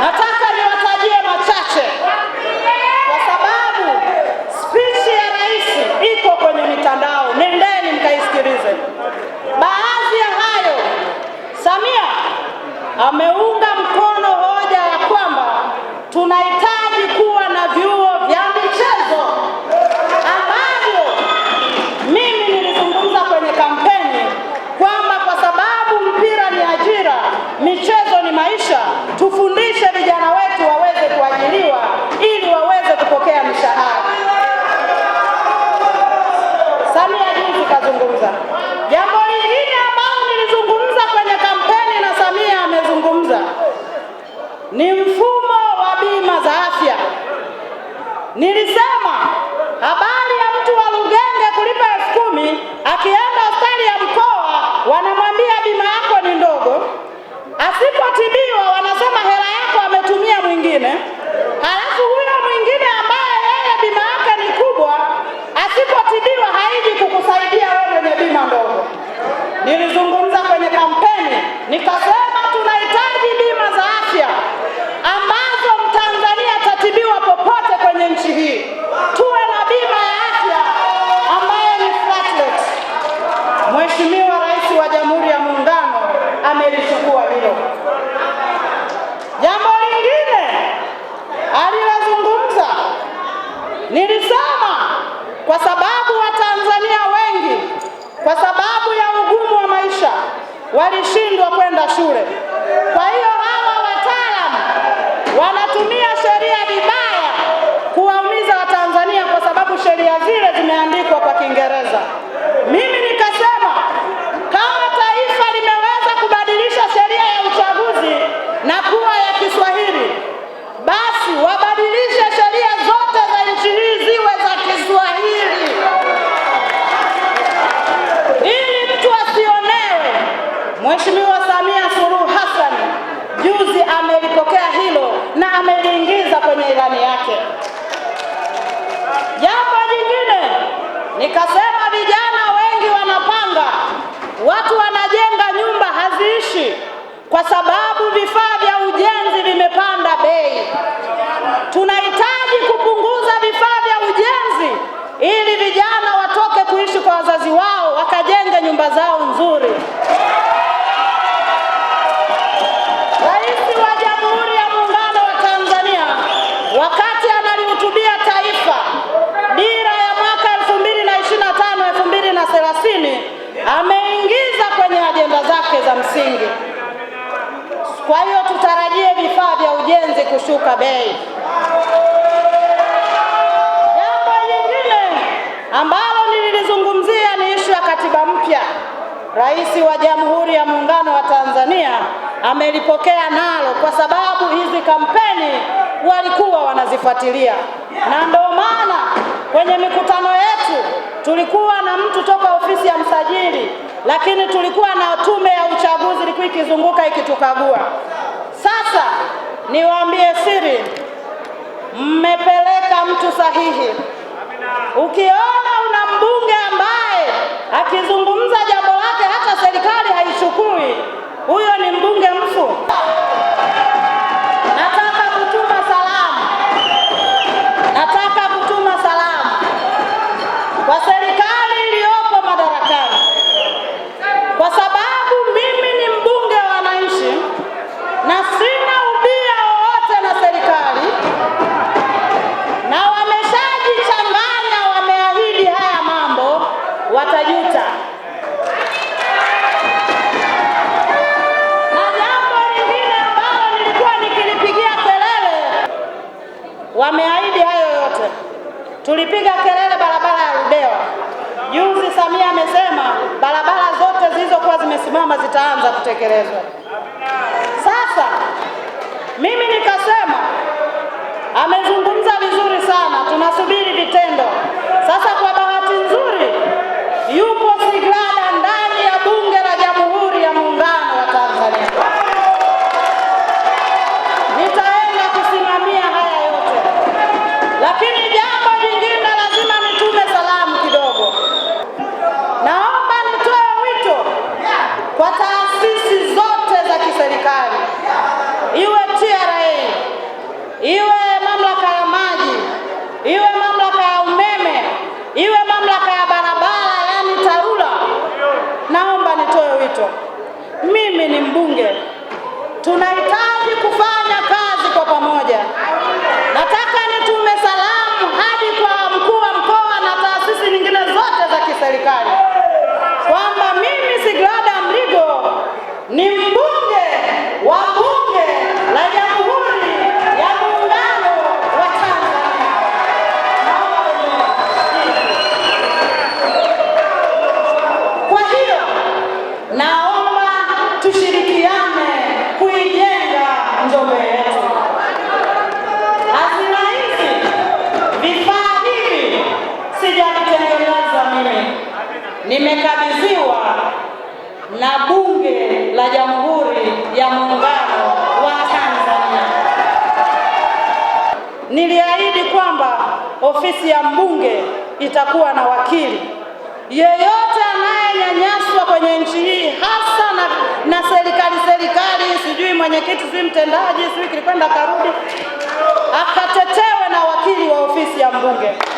Nataka niwatajie machache kwa sababu spichi ya rais iko kwenye mitandao, nendeni mkaisikilize. Baadhi ya hayo, Samia ameunga mkono hoja ya kwamba tuna Nilisema habari ya mtu wa Lugenge kulipa elfu kumi akienda hospitali ya mkoa, wanamwambia bima yako ni ndogo. Asipotibiwa wanasema hela yako ametumia mwingine, halafu huyo mwingine ambaye yeye bima yake ni kubwa, asipotibiwa haiji kukusaidia wewe mwenye bima ndogo. Nilizungumza kwenye kampeni nikasema walishindwa kwenda shule. Kwa hiyo hawa wataalamu wanatumia sheria vibaya kuwaumiza Watanzania kwa sababu sheria zile zimeandikwa kwa Kiingereza. Mimi nikasema kama taifa limeweza kubadilisha sheria ya uchaguzi na kuwa ya Kiswahili, basi wabadilishe Mheshimiwa Samia Suluhu Hassan juzi amelipokea hilo na ameliingiza kwenye ilani yake. Jambo jingine nikasema, vijana wengi wanapanga, watu wanajenga nyumba haziishi kwa sababu vifaa vya ujenzi vimepanda bei. Tunahitaji kupunguza vifaa vya ujenzi ili vijana watoke kuishi kwa wazazi wao wakajenge nyumba zao nzuri. ameingiza kwenye ajenda zake za msingi. Kwa hiyo tutarajie vifaa vya ujenzi kushuka bei. Jambo lingine ambalo nililizungumzia ni ishu ya katiba mpya. Rais wa Jamhuri ya Muungano wa Tanzania amelipokea nalo, kwa sababu hizi kampeni walikuwa wanazifuatilia, na ndio maana kwenye mikutano Tulikuwa na mtu toka ofisi ya msajili, lakini tulikuwa na tume ya uchaguzi ilikuwa ikizunguka ikitukagua. Sasa niwaambie siri, mmepeleka mtu sahihi. Ukiona una mbunge ambaye akizungumza jambo lake hata serikali haichukui, huyo ni mbunge mfu. Tulipiga kelele barabara ya Ludewa juzi, Samia amesema barabara zote zilizokuwa zimesimama zitaanza kutekelezwa. Sasa mimi nikasema amezungumza vizuri sana, tunasubiri vitendo sasa. tonight nimekabidhiwa na Bunge la Jamhuri ya Muungano wa Tanzania. Niliahidi kwamba ofisi ya mbunge itakuwa na wakili. Yeyote anayenyanyaswa kwenye nchi hii hasa na, na serikali serikali, sijui mwenyekiti, sijui mtendaji, sijui kilikwenda karudi, akatetewe na wakili wa ofisi ya mbunge.